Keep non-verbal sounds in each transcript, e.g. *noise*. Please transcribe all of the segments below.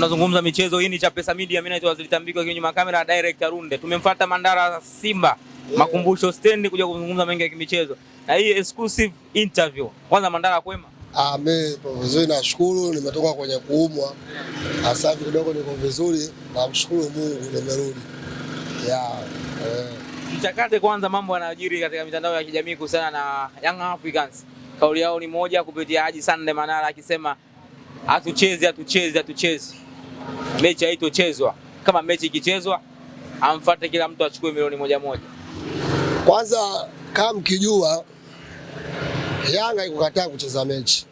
tunazungumza michezo. Hii ni Chapesa Media, mimi naitwa Waziri Tambiko, akiwa nyuma kamera director Runde. Tumemfuata Mandara Simba yeah. makumbusho stand kuja kuzungumza mengi ya kimichezo na hii exclusive interview. Kwanza Mandara, kwema? Ah, mimi vizuri, nashukuru. Nimetoka kwenye kuumwa, sasa hivi kidogo niko vizuri, namshukuru Mungu nimerudi. Yeah, eh. Mchakate kwanza mambo yanayojiri katika mitandao ya kijamii kuhusiana na Young Africans. Kauli yao ni moja kupitia Haji Sande Manara akisema hatuchezi, hatuchezi, hatuchezi mechi haitochezwa. Kama mechi ikichezwa, amfuate kila mtu achukue milioni moja moja. Kwanza kama mkijua, Yanga ikukataa kucheza mechi.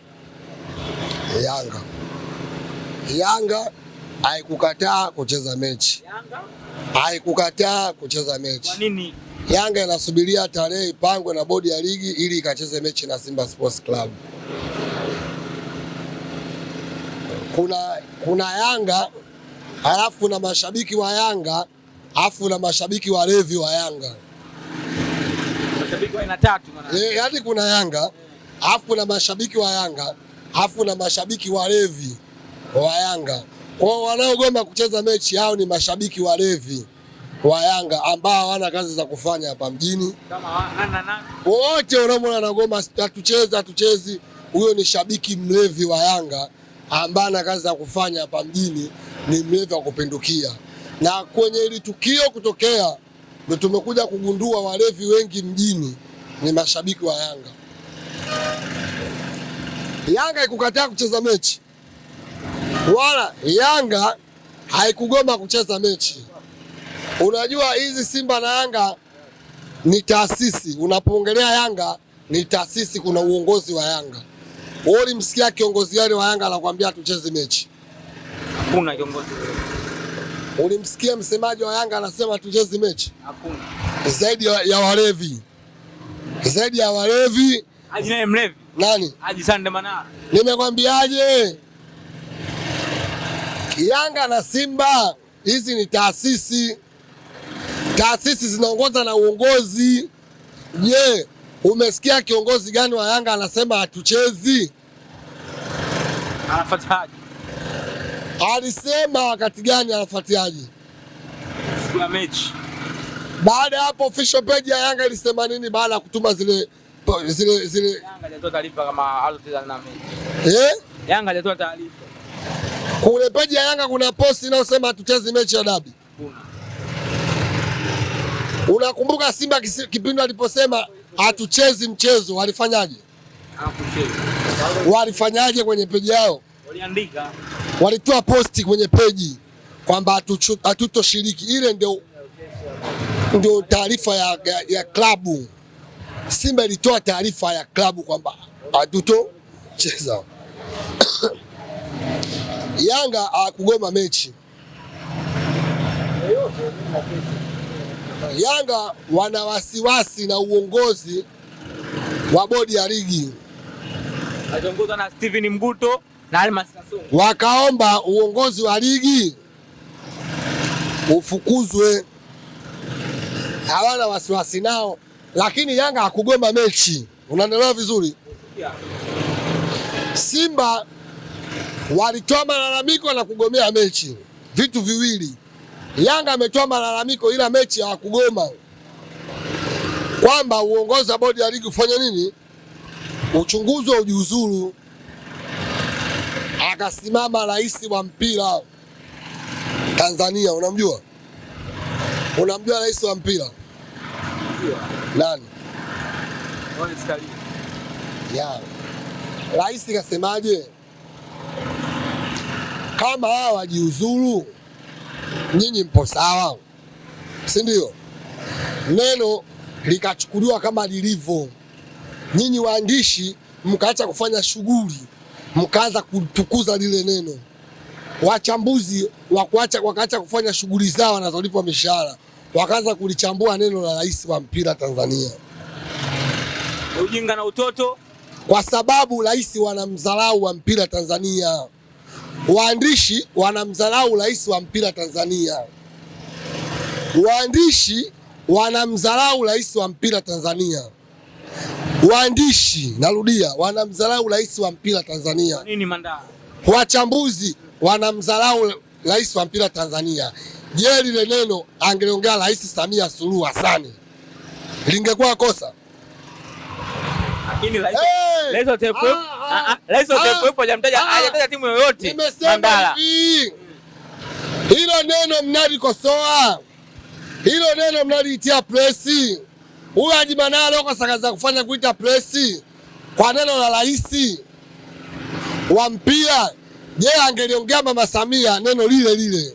Yanga Yanga haikukataa kucheza mechi, haikukataa kucheza mechi. Kwa nini? Yanga inasubiria tarehe ipangwe na bodi ya ligi ili ikacheze mechi na Simba Sports Club kuna, kuna Yanga halafu na mashabiki wa Yanga halafu na mashabiki walevi wa Yanga mashabiki wa aina e, kuna Yanga halafu na mashabiki wa Yanga halafu na mashabiki walevi wa Yanga. Kwao wanaogoma kucheza mechi hao ni mashabiki walevi wa Yanga ambao hawana kazi za kufanya hapa mjini. Wote unaomwona anagoma, hatuchezi hatuchezi, huyo ni shabiki mlevi wa Yanga ambaye ana kazi za kufanya hapa mjini ni mlevi wa kupindukia. Na kwenye hili tukio kutokea, ndo tumekuja kugundua walevi wengi mjini ni mashabiki wa Yanga. Yanga ikukataa kucheza mechi wala Yanga haikugoma kucheza mechi. Unajua, hizi Simba na Yanga ni taasisi. Unapoongelea Yanga ni taasisi, kuna uongozi wa Yanga. Wewe ulimsikia kiongozi gani wa Yanga anakuambia tucheze mechi? Hakuna kiongozi. Ulimsikia msemaji wa Yanga anasema tucheze mechi? Hakuna. Zaidi ya, ya walevi. Zaidi ya walevi. Haji naye mlevi. Nani? Haji Sande Manara. Nimekwambiaje? Yanga na Simba hizi ni taasisi. Taasisi zinaongoza na uongozi. Je, yeah. Umesikia kiongozi gani wa Yanga anasema hatuchezi? Anafuataje? Alisema wakati gani anafuatiaje? Siku mechi. Baada ya hapo official page ya Yanga ilisema nini baada ya kutuma zile zile zile Yanga ilitoa taarifa kama aloteza na mechi. Eh? Yanga ilitoa taarifa. Kule page ya Yanga kuna post inayosema tucheze mechi ya dabi. Unakumbuka Simba kipindi aliposema hatuchezi mchezo alifanyaje? Hakucheza walifanyaje kwenye peji yao, waliandika, walitoa posti kwenye peji kwamba hatutoshiriki. Ile ndio ndio taarifa ya, ya, ya klabu Simba ilitoa taarifa ya klabu kwamba hatutocheza. *coughs* Yanga hawakugoma mechi. Yanga wana wasiwasi na uongozi wa bodi ya ligi akiongozwa na Steven Mguto na Almas Kasongo, wakaomba uongozi wa ligi ufukuzwe. Hawana wasiwasi nao, lakini Yanga hakugoma mechi, unaendelea vizuri. Simba walitoa malalamiko na kugomea mechi, vitu viwili. Yanga ametoa malalamiko ila mechi hawakugoma, kwamba uongozi wa bodi ya ligi ufanye nini uchunguzi wa ujiuzulu, akasimama rais wa mpira Tanzania. Unamjua, unamjua rais wa mpira nani? Ya rais kasemaje? Kama hawa wajiuzulu, nyinyi mpo sawa, si ndio? Neno likachukuliwa kama lilivyo nyinyi waandishi mkaacha kufanya shughuli mkaanza kutukuza lile neno, wachambuzi wakuacha, wakaacha kufanya shughuli zao wanazolipwa mishahara, wakaanza kulichambua neno la rais wa mpira Tanzania. Ujinga na utoto, kwa sababu rais wanamdharau wa mpira Tanzania, waandishi wanamdharau rais wa mpira Tanzania, waandishi wanamdharau rais wa mpira Tanzania Waandishi, narudia, wanamdharau rais wa mpira Tanzania. Nini Mandala? Wachambuzi wanamdharau rais wa mpira Tanzania. Je, lile neno angeliongea Rais Samia Suluhu Hassan lingekuwa kosa? Lakini rais hajamtaja timu yoyote. Mandala, hilo neno mnalikosoa, hilo neno mnaliitia presi Huyu Haji Manara leo sakaza kufanya kuita presi kwa neno la rais wa mpira. Je, angeliongea mama Samia neno lile lile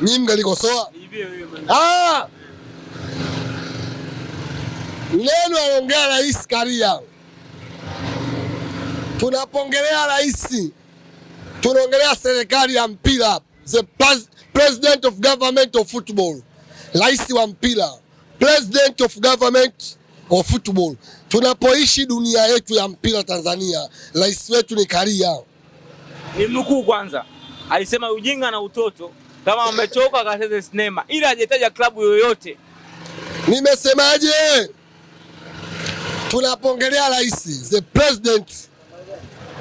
mimi mngalikosoa? Ah, neno aliongea rais Karia. Tunapongelea rais, tunaongelea serikali ya mpira, the president of government of football rais wa mpira, president of government of football. Tunapoishi dunia yetu ya mpira Tanzania, rais wetu ni Karia. Ni mnukuu kwanza, alisema ujinga na utoto, kama amechoka akacheze sinema, ila hajataja klabu yoyote. Nimesemaje? Tunapongelea rais, the president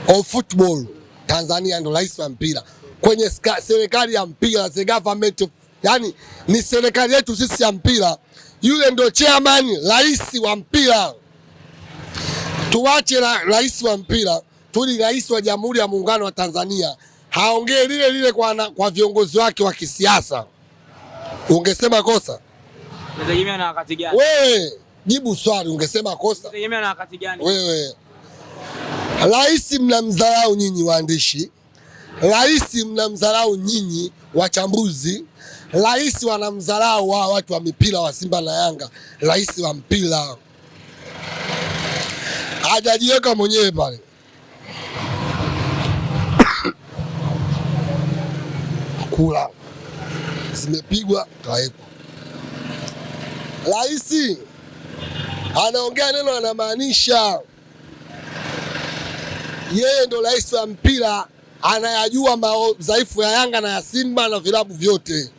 of football Tanzania, ndo rais wa mpira kwenye serikali ya mpira, the government of yani ni serikali yetu sisi ya mpira. Yule ndio chairman, rais wa mpira. Tuwache la, rais wa mpira, tuli rais wa Jamhuri ya Muungano wa Tanzania haongee lile lile kwa, kwa viongozi wake wa kisiasa. Ungesema kosa wewe, jibu swali, ungesema kosa wewe. Rais mnamdharau nyinyi waandishi, rais mnamdharau nyinyi wachambuzi Rais wanamdharau wa watu wa mipira wa Simba na Yanga, rais wa mpira hajajiweka mwenyewe pale. Kula zimepigwa kawekwa. Rais anaongea neno anamaanisha, yeye ndo rais wa mpira, anayajua madhaifu ya Yanga na ya Simba na vilabu vyote.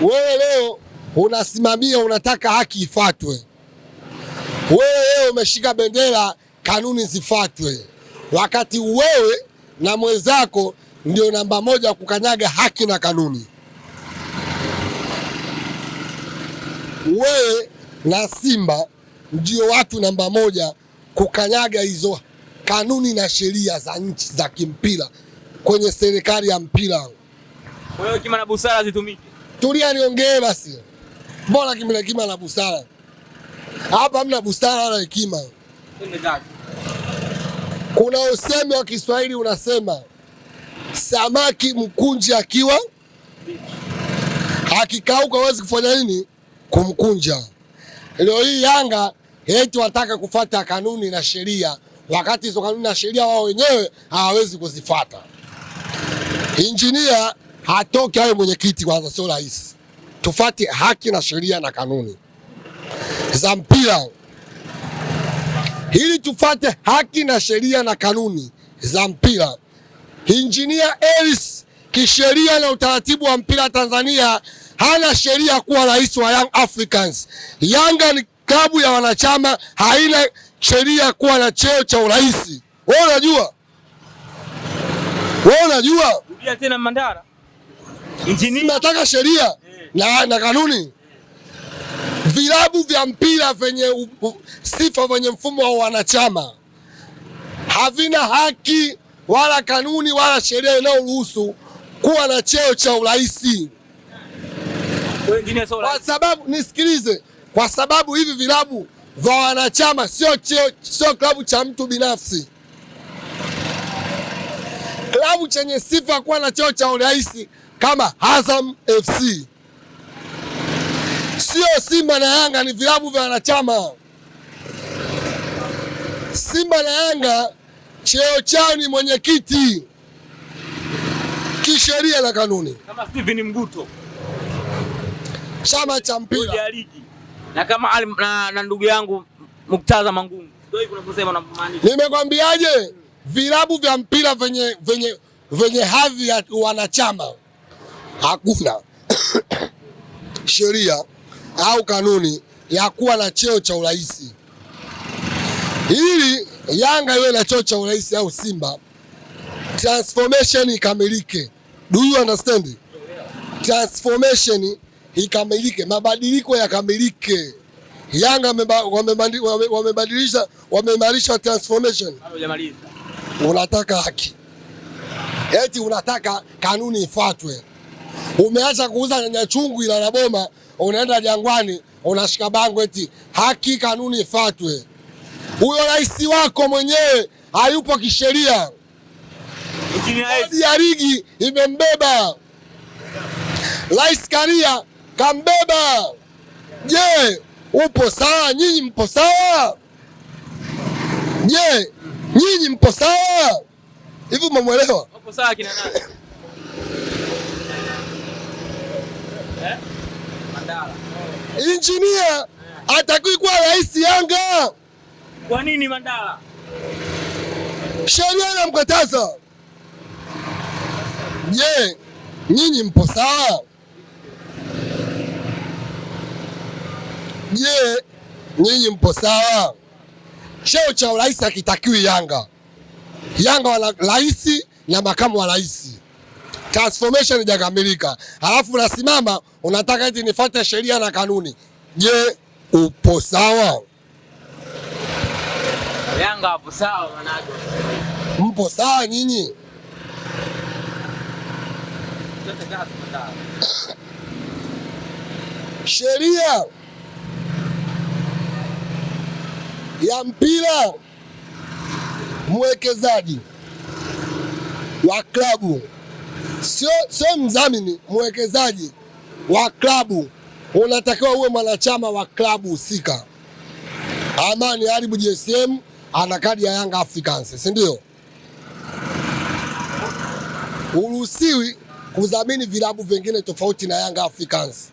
Wewe leo unasimamia, unataka haki ifatwe. Wewe leo umeshika bendera, kanuni zifatwe, wakati wewe na mwenzako ndio namba moja kukanyaga haki na kanuni. Wewe na Simba ndio watu namba moja kukanyaga hizo kanuni na sheria za nchi za kimpira kwenye serikali ya mpira. Kwa hiyo hekima na busara zitumike tulia niongee basi. Mbona kimla hekima na busara? Hapa hamna busara wala hekima. Kuna usemi wa Kiswahili unasema samaki mkunje akiwa akikauka huwezi kufanya nini? Kumkunja. Leo hii Yanga eti wataka kufata kanuni na sheria, wakati hizo kanuni na sheria wao wenyewe hawawezi kuzifata. Injinia hatoke awe mwenyekiti kwanza, sio rais. Tufate haki na sheria na kanuni za mpira, ili tufate haki na sheria na kanuni za mpira. Injinia Elis kisheria na utaratibu wa mpira Tanzania hana sheria kuwa rais wa Young Africans. Yanga ni klabu ya wanachama, haina sheria kuwa na cheo cha urais. Wewe unajua, wewe unajua, rudia tena Mandara nataka Tunataka sheria na, na kanuni vilabu vya mpira vyenye sifa vyenye mfumo wa wanachama havina haki wala kanuni wala sheria inayoruhusu kuwa na cheo cha urais, kwa sababu nisikilize, kwa sababu hivi vilabu vya wanachama sio cheo, sio klabu cha mtu binafsi. Klabu chenye sifa kuwa na cheo cha urais kama Azam FC, sio Simba na Yanga, ni vilabu vya wanachama. Simba na Yanga cheo chao ni mwenyekiti kisheria na kanuni, kama Steven Mguto chama cha mpira na kama na, na ndugu yangu Muktaza Mangungu. Nimekwambiaje? Vilabu vya mpira venye, venye, venye hadhi ya wanachama hakuna sheria au kanuni ya kuwa na cheo cha urais. Ili Yanga iwe na cheo cha urais au Simba, transformation ikamilike. Do you understand? Transformation ikamilike, mabadiliko yakamilike. Yanga wamebadilisha, wameimarisha transformation. Unataka haki eti unataka kanuni ifuatwe. Umeacha kuuza nyanya chungu ila na boma, unaenda Jangwani unashika bango eti haki kanuni ifuatwe. Huyo rais wako mwenyewe hayupo kisheria, bodi ya ligi imembeba Rais Karia kambeba. Je, upo sawa? Nyinyi mpo sawa? Je, nyinyi mpo sawa? Hivi umemwelewa? Eh? Injinia atakiwi kuwa rais Yanga. Kwa nini Mandala? Sheria inamkataza. Je, nyinyi mpo sawa? Je, nyinyi mpo sawa? Cheo cha rais hakitakiwi Yanga. Yanga wana rais na makamu wa rais transformation haijakamilika, alafu unasimama unataka eti nifuate sheria na kanuni. Je, upo sawa? Yanga hapo sawa, manake mpo sawa nyinyi? Sheria ya mpira mwekezaji wa klabu sio sio mdhamini, mwekezaji wa klabu unatakiwa uwe mwanachama wa klabu husika. Amani haribu JSM ana kadi ya Young Africans, si ndio? Uruhusiwi kudhamini vilabu vingine tofauti na Young Africans.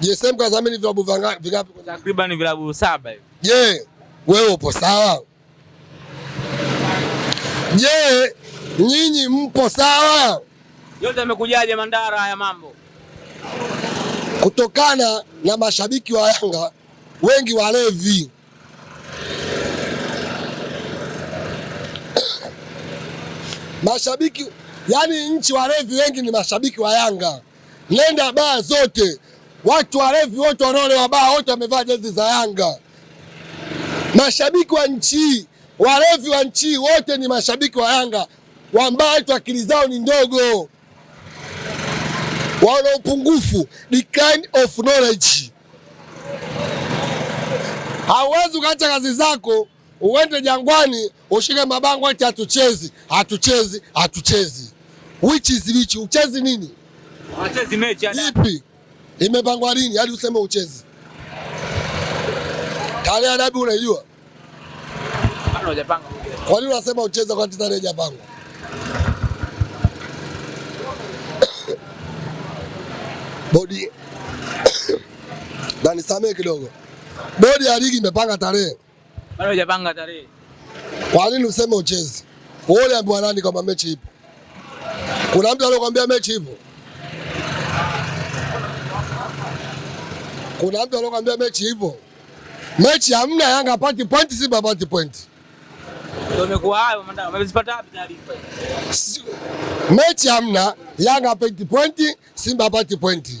JSM kadhamini vilabu vingapi? Takriban vilabu saba hivi. Je, wewe upo sawa? Je, nyinyi mpo sawa? yote yamekujaje Mandara ya mambo? Kutokana na mashabiki wa Yanga wengi walevi, *coughs* mashabiki yani nchi walevi wengi ni mashabiki wa Yanga. Nenda baa zote, watu walevi wote wanaolewa baa wote wamevaa jezi za Yanga. Mashabiki wa nchi walevi wa nchi wote ni mashabiki wa Yanga, wambaa watu akili zao ni ndogo wana upungufu, decline of knowledge. Hauwezi ukaacha kazi zako uende jangwani ushike mabango ati hatuchezi, hatuchezi, hatuchezi. Which is which? Uchezi nini? Hachezi mechi ipi? Imepangwa lini hadi yaani useme uchezi? Tarehe adabu unaijua? Kwa nini unasema ucheza kwa tarehe hajapangwa? bodi na *coughs* nisamee kidogo, bodi ya ligi imepanga tarehe. Bado hajapanga tarehe. Kwa nini useme uchezi? Wewe uliambiwa nani kwamba mechi ipo? Kuna mtu aliyokuambia mechi ipo? Kuna mtu aliyokuambia mechi ipo? Mechi hamna. Yanga pati point, Simba pati point. Mechi hamna, Yanga apeti pointi, Simba apati pointi,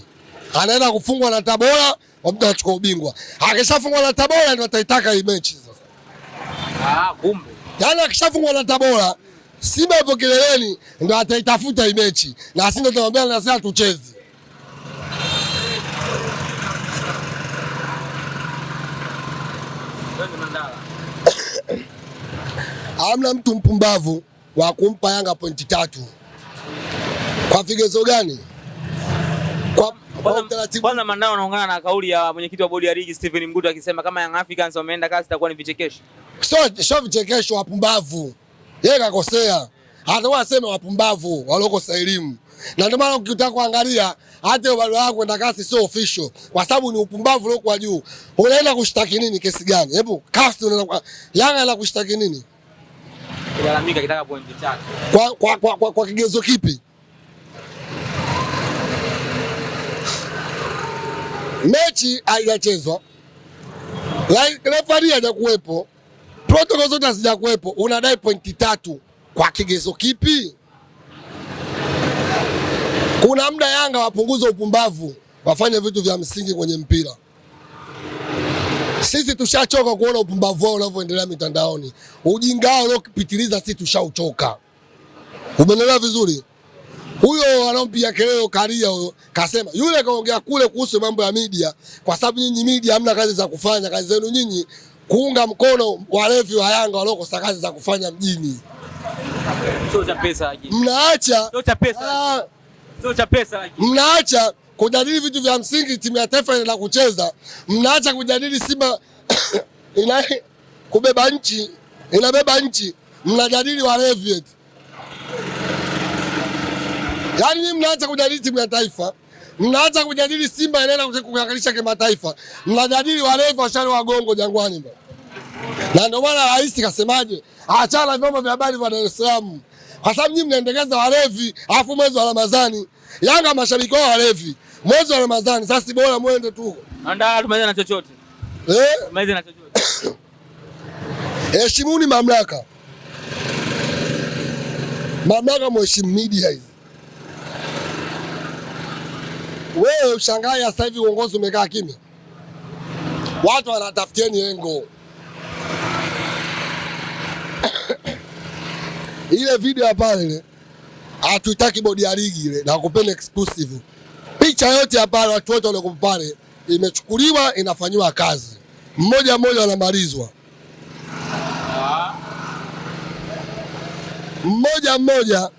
anaenda kufungwa na Tabora, wamtu achukua ubingwa. Akishafungwa na Tabora ndio ataitaka hii mechi sasa. Ah, kumbe. Yaani akishafungwa na Tabora, Simba ipo kileleni ndio ataitafuta hii mechi na sisi ndio tunamwambia na sasa tucheze Hamna mtu mpumbavu wa kumpa Yanga pointi tatu. Kwa vigezo gani? Kwa bwana Mandao anaungana na kauli ya mwenyekiti wa bodi ya ligi Stephen Mguto akisema kama Young Africans wameenda kazi itakuwa ni vichekesho. Sio sio vichekesho, wapumbavu. Yeye kakosea. wao asema wapumbavu walokosa elimu. Na ndio maana ukitaka kuangalia hata barua yako kwenda kasi sio official kwa sababu ni upumbavu uliokuwa juu. Unaenda kushtaki nini kesi gani? Hebu kasi unaenda kwa Yanga la kushtaki nini? pointi tatu. Kwa, kwa, kwa, kwa, kwa kigezo kipi? Mechi haijachezwa, refari hajakuwepo, protokoli zote hazijakuwepo, unadai pointi tatu kwa kigezo kipi? Kuna muda Yanga wapunguze upumbavu, wafanye vitu vya msingi kwenye mpira. Sisi tushachoka kuona upumbavu wao unavyoendelea mitandaoni, ujinga wao unaopitiliza, sisi tushauchoka. Umeelewa vizuri? Huyo anaompiga kelele Karia huyo kasema, yule kaongea kule kuhusu mambo ya media, kwa sababu nyinyi media hamna kazi za kufanya, kazi zenu nyinyi kuunga mkono walevi wa Yanga waliokosa kazi za kufanya mjini. Mnaacha ah. mnaacha kujadili vitu vya msingi. Timu ya taifa inaenda kucheza, mnaacha kujadili Simba *coughs* ina kubeba nchi, inabeba nchi, mnajadili walevi eti. Yaani mimi mnaacha kujadili timu ya taifa, mnaacha kujadili Simba inaenda kuwakilisha kimataifa, mnajadili walevi washari wagongo Jangwani bwana. Na ndio maana rais kasemaje, achana vyombo vya habari vya Dar es Salaam kwa sababu nyinyi mnaendekeza walevi, alafu mwezi wa Ramadhani Yanga mashabiki wao walevi mwezi wa Ramadhani. Sasa bora mwende tu andaa, tumalize na chochote eh, na chochote. *coughs* Heshimuni mamlaka, mamlaka mheshimu media hizi. Wewe ushangae sasa hivi uongozi umekaa kimya, watu wanatafutieni engo. *coughs* ile video ya pale ile hatuitaki bodi ya ligi ile, nakupeni exclusive picha yote ambayo watu wote walioko pale imechukuliwa inafanyiwa kazi, mmoja mmoja wanamalizwa, mmoja mmoja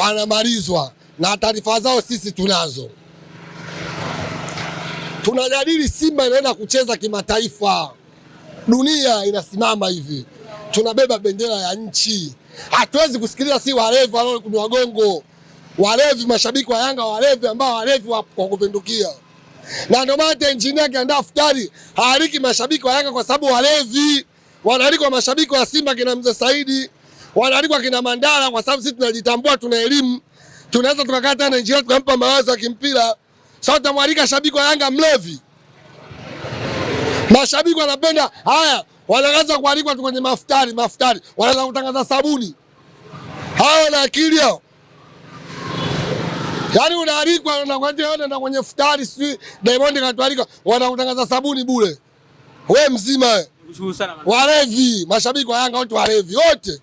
wanamalizwa, na taarifa zao sisi tunazo. Tunajadili Simba inaenda kucheza kimataifa, dunia inasimama hivi, tunabeba bendera ya nchi. Hatuwezi kusikiliza si walevu wanaokunywa gongo walevi, mashabiki wa Yanga walevi, ambao walevi wa kupindukia, na ndio maana hata injinia akiandaa futari haaliki mashabiki wa Yanga kwa sababu walevi. Wanaalikwa mashabiki wa Simba kina Mzee Saidi, wanaalikwa kina Mandala kwa sababu sisi tunajitambua, tuna elimu, tunaweza tukakaa hata na injinia tukampa mawazo ya kimpira. Sasa tamwalika shabiki wa Yanga mlevi? Mashabiki wanapenda haya, wanaanza kualikwa tu kwenye maftari, maftari wanaanza kutangaza sabuni. Hawa na akili yao. Yaani unaalikwa unakwambia na kwenye futari sijui Diamond katualika wanakutangaza sabuni bure. We mzima. Walevi, mashabiki wa Yanga wote walevi wote.